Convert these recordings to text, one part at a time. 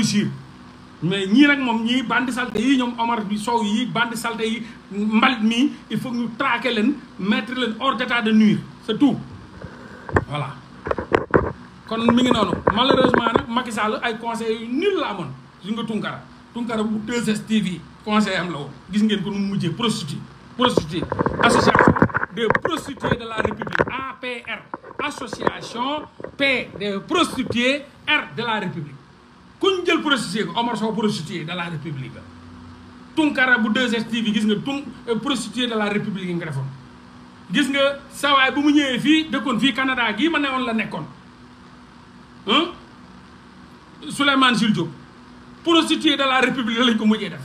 réussir mais ñii nag moom ñii bandi salté yi ñoom Omar bi Sow yii bandi salté yi mbalit mii il faut ñu traquer leen mettre leen hors d'état de nuire c'est tout voilà kon mi ngi noonu malheureusement nag Macky ay conseils yu nul la amoon gis nga Tunkara Tunkara bu 2STV conseil am la gis ngeen ko nu mujjee prostituée prostituée association des prostituées de la République APR association P des prostituées R de la République kuñ jël prostitué ko Omar de la république la Tunkara bu 2STV gis nga tun euh, prostitué de la république nga defoon gis nga sawaay bu mu ñëwee fii dëkkoon fii Canada gii ma newoon la nekkoon Souleymane Jules Diop prostitué de la république lañ ko mujjee def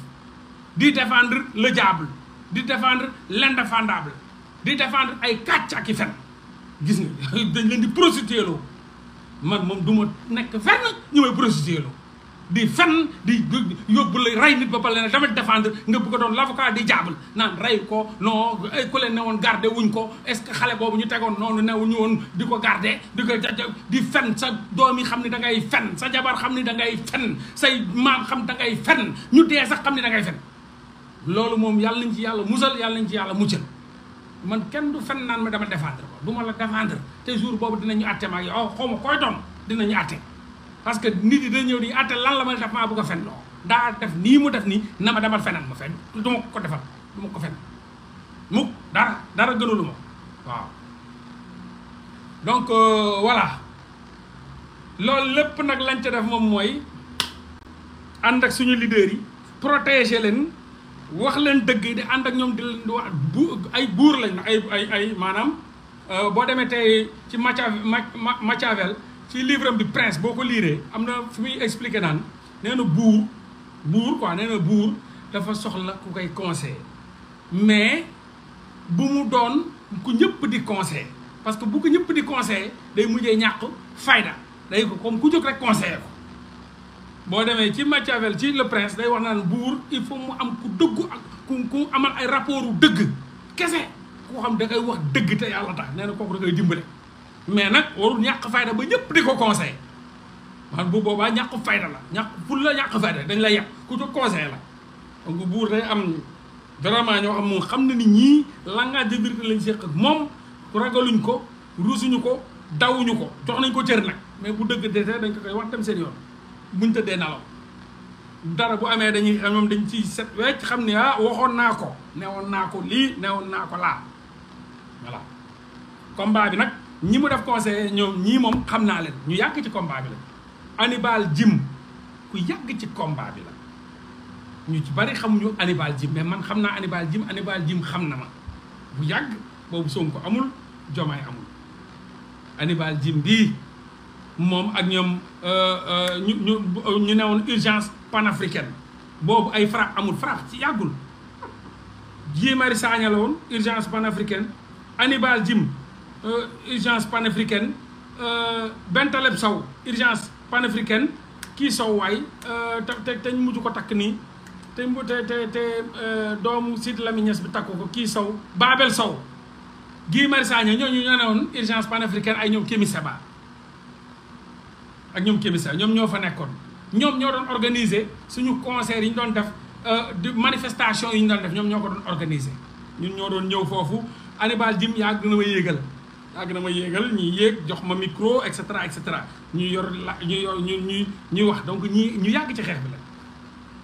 di defendre le diable di défendre l'indéfendable di défendre ay kàcc ak fen gis nga dañ leen di prostitué loo man moom du ma nekk fenn ñu may prostitué loo di fen di yóbbu la rey nit ba pare nag tamit défendre nga bëgg a doon l' avocat di jaabal naan rey ko non ay ku leen ne woon garde wuñ ko est ce que xale boobu ñu tegoon noonu newuñu woon di ko garde di ko di fen sa doom yi xam ni da ngay fen sa jabar xam ni da ngay fen say maam xam da ngay fen ñu dee sax xam ni da ngay fen loolu moom yàlla nañ ci yàlla musal yàlla nañ ci yàlla muccal man kenn du fen naan ma dama défendre ko du ma la défendre te jour boobu dinañu àtte ma ak yow oh, xaw ma koy parce que nit yi dañ ñëw di atte lan la ma def maa bëgg a fen loo daa def nii mu def nii na ma demal feneen ma fen du ma ko defal du ma ko fen mukk dara dara gënalu ma waaw donc euh, voilà loolu lépp nag lañ ca def moom mooy ànd ak suñu leaders yi protéger leen wax leen dëgg di ànd ak ñoom di leen di wax bu ay buur lañ ay ay ay maanaam euh, boo demee tey ci Machiavel ci livre am bi presse boo ko liiree am na fu muy expliqué naan nee na buur buur quoi nee na buur dafa soxla ku koy conseiller mais bu mu doon ku ñëpp di conseiller parce que bu ko ñëpp di conseiller day mujjee ñàkk na day ko comme ku jóg rek conseiller ko boo demee ci Machiavel ci le prince day wax naan buur il faut mu am ku dëggu ak ku ku amal ay rapport u dëgg kese koo xam da koy wax dëgg te yàlla tax nee na kooku da koy dimbale mais nag warul ñàq fayda ba ñëpp di ko conseil man bu boobaa ñàkk fayda la ñàkk pour la ñàkk fayda dañ lay yàq ku ko conseil la donc buur day am vraiment ñoo xam moom xam na ni ñii langage de vérité lañ séq ak moom ragaluñ ko rusuñu ko dawuñu ko jox nañ ko cër nag mais bu dëgg desee dañ ko koy wax dem seen yoon buñ tëddee nalaw dara bu amee dañuy xam moom dañ ciy set wecc xam ni ah waxoon naa ko newoon naa ko lii newoon naa ko laa voilà combat bi nag ñi mu def conseil ñoom ñii moom xam naa leen ñu yàgg ci combat bi la Hannibal Djim ku yàgg ci combat bi la ñu ci bari xamuñu Hannibal Djim mais man xam naa Hannibal Djim Hannibal Djim xam na ma bu yàgg boobu Sonko amul Diomaye amul Hannibal Djim bii moom ak ñoom euh, euh, ñu ñu ñu newoon urgence panafricaine boobu ay frappe amul frappe ci yàggul Guy Marius Sagna la woon urgence panafricaine Hannibal Djim Euh, urgence panafricaine euh, Bentaleb Sow urgence panafricaine kii Sow waay euh, te te teñ mujj ko takk nii te te te doomu Sidy Lamine bi takku ko kii Sow Babel Sow Guy Marius Sagna ñooñu ñoo ne woon urgence panafricaine ay ñoom Kémi Seba ak ñoom Kémi Seba ñoom ñoo fa nekkoon ñoom ñoo doon organiser suñu concert yi ñu doon def di manifestation yi ñu doon def ñoom ñoo ko doon organiser ñun ñoo doon ñëw foofu Hannibal Djim yàgg na ma yéegal yàgg na ma yéegal ñuy yéeg jox ma micro et cetera et cetera ñu yor la ñu yor ñu ñu ñuy wax donc ñi ñu yàgg ci xeex bi lañ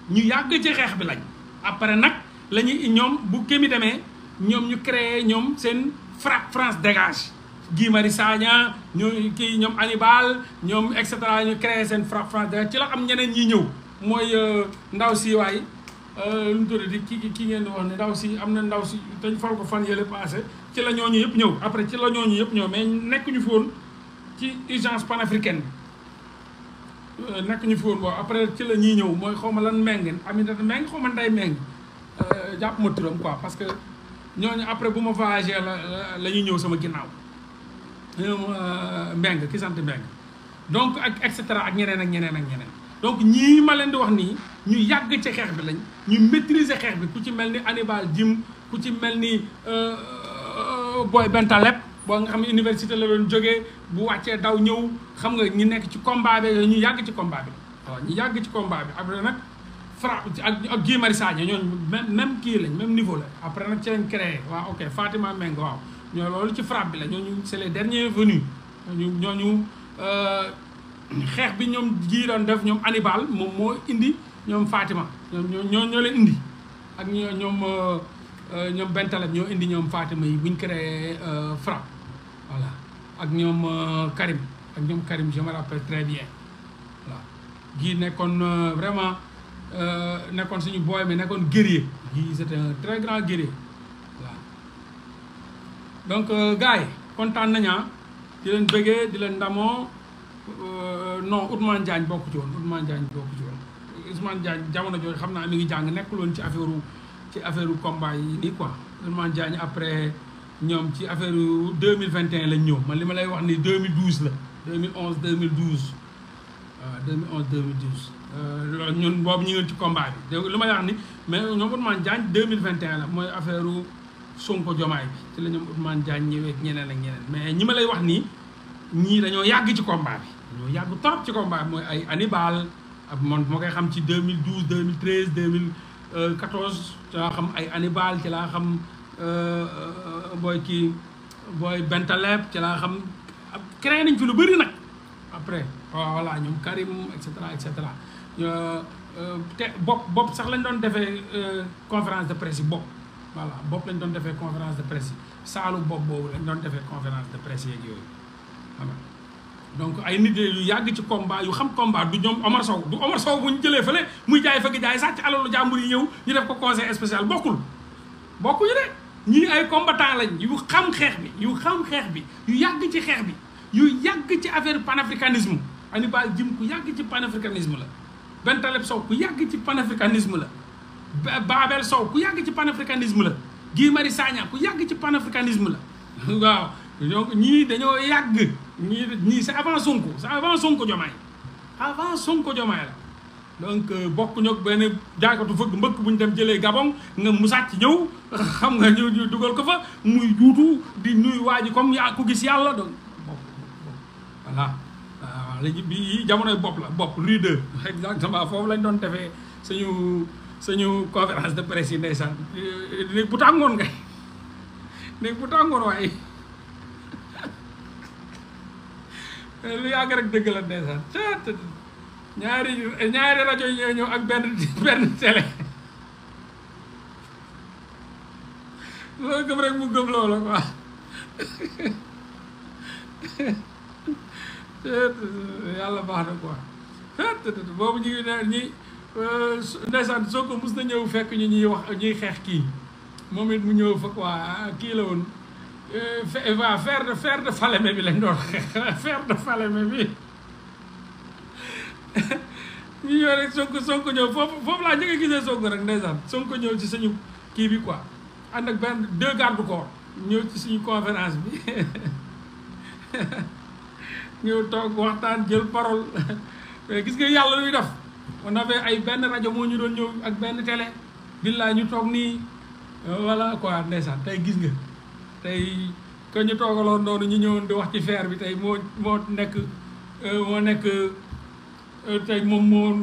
ñu yàgg ci xeex bi lañ après nag la ñuy ñoom bu kémi demee ñoom ñu créé ñoom seen frappe France dégage Guy Marius Sagna ñoo kii ñoom Hannibal ñoom et cetera ñu créé seen frappe France dégage ci la am ñeneen ñi ñëw mooy euh, ndaw siiwaay lu euh, mu tudd di ki ki ngeen di wax ne ndaw si am na ndaw si dañ fal ko fan yële passé ci la ñooñu yëpp ñëw après ci la ñooñu yëpp ñëw mais nekk ñu fi woon ci urgence panafricaine bi euh, nekk ñu fi woon ci la ñuy ñëw mooy xaw ma lan méngeen Aminata méng xaw ma nday méng euh, jàpp ma turam quoi parce que ñooñu après bu ma voyagé la la ñuy ñëw sama ginnaaw ñoom méng ki sant méng donc ak et cetera ak ñeneen ak ñeneen ak ñeneen donc ñii ma leen di wax nii ñu yàgg ci xeex bi lañ ñu maîtriser xeex bi ku ci mel ni Hannibal Jim ku ci mel ni euh, euh, Boy Bentaleb boo nga xam ne université la doon jógee bu wàccee daw ñëw xam nga ñu nekk ci combat bi ñu yàgg ci combat bi waaw ñu yàgg ci combat bi après nag ci ak ak Guy Marius Sagna ñooñu même kii lañ même niveau la après nag ci lañ créé waaw ok Fatima Meng waaw ñoo loolu bi la ñooñu c'est les derniers venus ñooñu ñooñu. Euh, xeex bi ñoom jii doon def ñoom Hannibal moom moo indi ñoom faatima ñoom ñoo ñoo leen indi ak ñoo ñoom euh, euh, ñoom Bentaleb ñoo indi ñoom Fatima yi buñ ñu créé euh, FRAPP voilà ak ñoom Karim ak ñoom Karim je me rappelle très bien voilà gii nekkoon vraiment nekkoon suñu booy mi nekkoon guerrier gii c'est un très grand guerrier voilà donc gars kontaan nañu ah. di leen bëggee di leen ndamoo Euh, non Ousmane Diagne bokk ci woon Ousmane Diagne bokk ci woon Ousmane Diagne jamono jooju xam naa mi ngi jàng nekk loon ci affaire ci affaire combat yi nii quoi Ousmane Diagne après ñoom ci affaire yu 2021 lañ ñëw man li ma lay wax ni 2012 la 2011 2012 waaw 2011 2012. loolu ñun boobu ñu ngi ci combat bi dégg li ma lay wax ni mais ñoom Ousmane Diagne 2021 la mooy affaire Sonko Jomaay bi ci la ñoom Ousmane Diagne ñëwee ñeneen ak ñeneen mais ñi ma lay wax nii ñii dañoo yàgg ci combat bi. ñoo yàgg trop ci ko combat mooy ay Hannibal man ma koy xam ci deux 2012 2013 2014 ci laa xam ay Hannibal ci laa xam euh, euh, booy kii booy Bentaleb ci laa xam créé nañ fi lu bëri nag après waaw voilà ñoom Karim et cetera et cetera euh, te bopp bopp sax lañ doon defee conférence de presse yi bopp voilà bopp lañ doon defee conférence de presse yi saalu bopp boobu lañ doon defee conférence de presse yeeg yooyu donc ay nit yu yàgg ci combat yu xam combat du ñoom Omar Sow du Omar Sow bu ñu jëlee fële muy jaay fëgg jaay sàcc alalu jàmbur yi ñëw ñu def ko conseil spécial bokkul bokkuñu de ñii ay combattant lañ yu xam xeex bi yu xam xeex bi yu yàgg ci xeex bi yu yàgg ci affaire panafricanisme Hannibal Djim ku yàgg ci panafricanisme la Bentaleb Sow ku yàgg ci panafricanisme la Babel Sow ku yàgg ci panafricanisme la Guy Marius Sagna ku yàgg ci panafricanisme la waaw donc ñii dañoo yàgg ñii ñii avant Sonko c'est avant Sonko Diomaye avant Sonko Diomaye la donc euh, bokk ñoog benn jaaykatu fëgg mbëkk bu ñu dem jëlee Gabon nga mu sàcc ñëw xam nga ñëw ñu dugal ko fa muy juutu di nuy waa ji comme yaa ku gis yàlla donc voilà waaw ah, bi jamonoy bopp la bopp rue 2 exactement foofu lañ doon defee suñu suñu conférence de presse yi ndeysaan euh, euh, néeg bu tàngoon ngay néeg bu tàngoon waaye Eh, lu yàgg rek dëgg la ndeysaan ca ñaari ñaari rajo yi ñoo ñëw ak benn benn télé loo gëm rek mu gëm loola quoi yàlla baax na quoi boobu ñu ngi ne euh, ndeysaan soo ko mus na ñëw fekk ñu ñuy wax ñuy xeex kii moom it mu ñëw fa quoi ah, kii la woon waaw vers de vers de Falémé bi lañ doon vers de Falémé bi ñu ñëw rek Sonko Sonko ñëw foofu foofu laa njëkk nga gisee Sonko rek ndeysaan ko ñëw ci suñu kii bi quoi ànd ak benn deux garde corps ñëw ci suñu conférence bi ñëw toog waxtaan jël parole gis nga yàlla luy def on avait ay benn rajo moo ñu doon ñëw ak benn télé billaa ñu toog nii voilà quoi ndeysaan te gis nga tey que ñu toogaloon noonu ñu ñëwoon di wax ci feer bi tey moo moo nekk euh, moo nekk euh, tey moom moo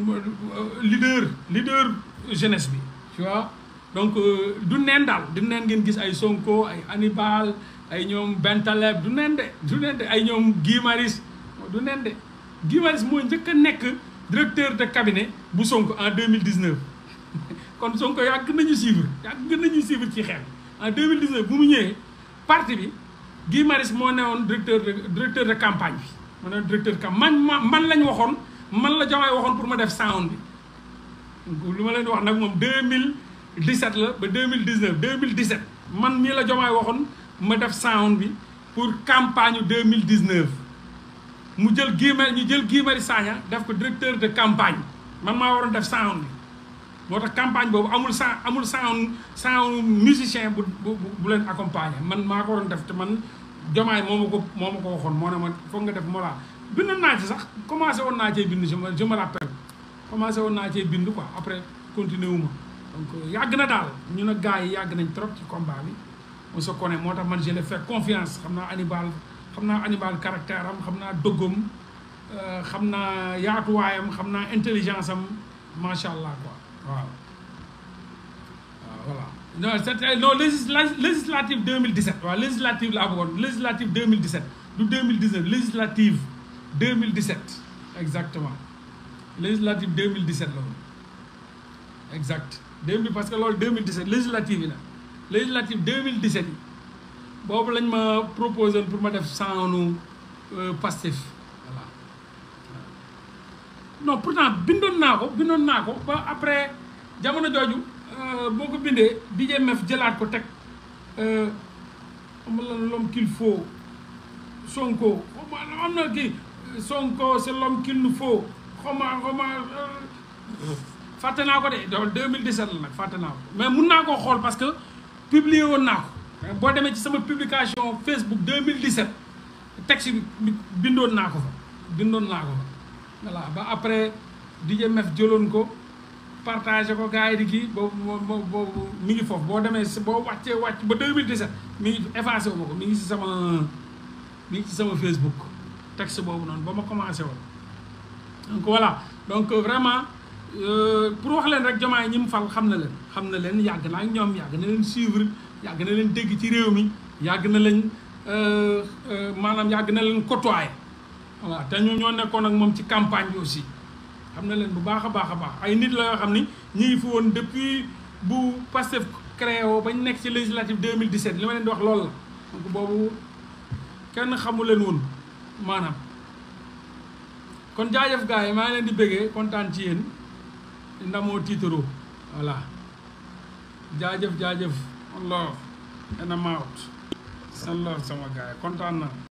leader leader jeunesse bi tu donc euh, du neen daal du neen ngeen gis ay Sonko ay Hannibal ay ñoom Bentaleb du neen de du neen de ay ñoom Guy Marius du neen de Guy mooy njëkk a nekk directeur de cabinet bu Sonko en 2019 kon Sonko yàgg nañu suivre yàgg nañu suivre ci xel en 2019 bu mu ñëwee parti bi Guy Marius moo newoon directeur de directeur de campagne bi moo newoon directeur de campagne man man lañ waxoon man la Diomaye waxoon pour ma def sound bi lu ma leen wax nag moom mille 2017 la ba deux mille dix 2019 2017 man mii la Diomaye waxoon ma def sound bi pour campagne 2019 mu jël Guy ñu jël Guy Marius Sagna def ko directeur de campagne man maa waroon def sound bi moo tax campagne boobu amul sans amul sans sans musicien bu bu bu leen accompagner man maa ko waroon def te man jomaay moo ma ko moo ma ko waxoon moo ne ma foog nga def Mollah bindoon naa ci sax commencé woon naa bind je me je me commencé woon naa cee bind quoi après continué wu ma euh, yàgg na daal ñu ne gars yi yàgg nañ trop ci combat bi on se connaît moo tax man je l'ai fait confiance xam naa Hannibal xam naa Hannibal caractère am xam naa dëggoom euh, xam naa yaatuwaayam xam naa intelligence am macha allah quoi. waaw waaw voilà non c'est non législative 2017 waaw législative laa bëggoon législative 2017 du 2019 législative 2017 exactement législative 2017 la woon exact 2000 parce que loolu 2017 législative yi la législative 2017 yi boobu lañ ma proposé pour ma def saanu euh, Pastef non pourtant bindoon naa ko bindoon naa ko ba après jamono jooju euh, boo ko bindee DJMF jëlaat ko teg euh, am la l'homme qu'il faut Sonko am na kii Sonko c'est l'homme qu'il nous faut euh, fàtte naa ko de donc 2017 la nag fàtte naa ko mais mun naa koo xool parce que publier woon naa ko boo demee ci sama publication Facebook 2017 texte bi bindoon naa ko fa bindoon naa ko voilà ba après DJMF jëloon ko partagé ko gars yi di kii boobu moom boobu mi ngi foofu boo demee boo wàccee wàcc ba 2017 mi ngi effacé wu ma ko mu ngi si sama mi ngi si sama Facebook texte boobu noonu ba ma commencé woon donc voilà donc vraiment euh, pour wax leen rek jomaay ñi mu fal xam na leen xam na leen yàgg naa ñoom yàgg na leen suivre yàgg na leen dégg ci réew mi yàgg na leen euh, euh, maanaam yàgg na leen côtoyer voilà te ñu ñoo nekkoon ak moom ci campagne bi aussi xam na leen bu baax a baax a baax ay nit la yoo xam ni ñu ngi fi woon depuis bu Pastef créé woo bañ nekk ci législative 2017 li ma leen di wax loolu la donc boobu kenn xamu leen woon maanaam kon jaajëf gars yi maa ngi leen di bëggee kontaan ci yéen ndamoo tiitaroo voilà jaajëf jaajëf Allah dana sa sallallahu sama gars yi kontaan na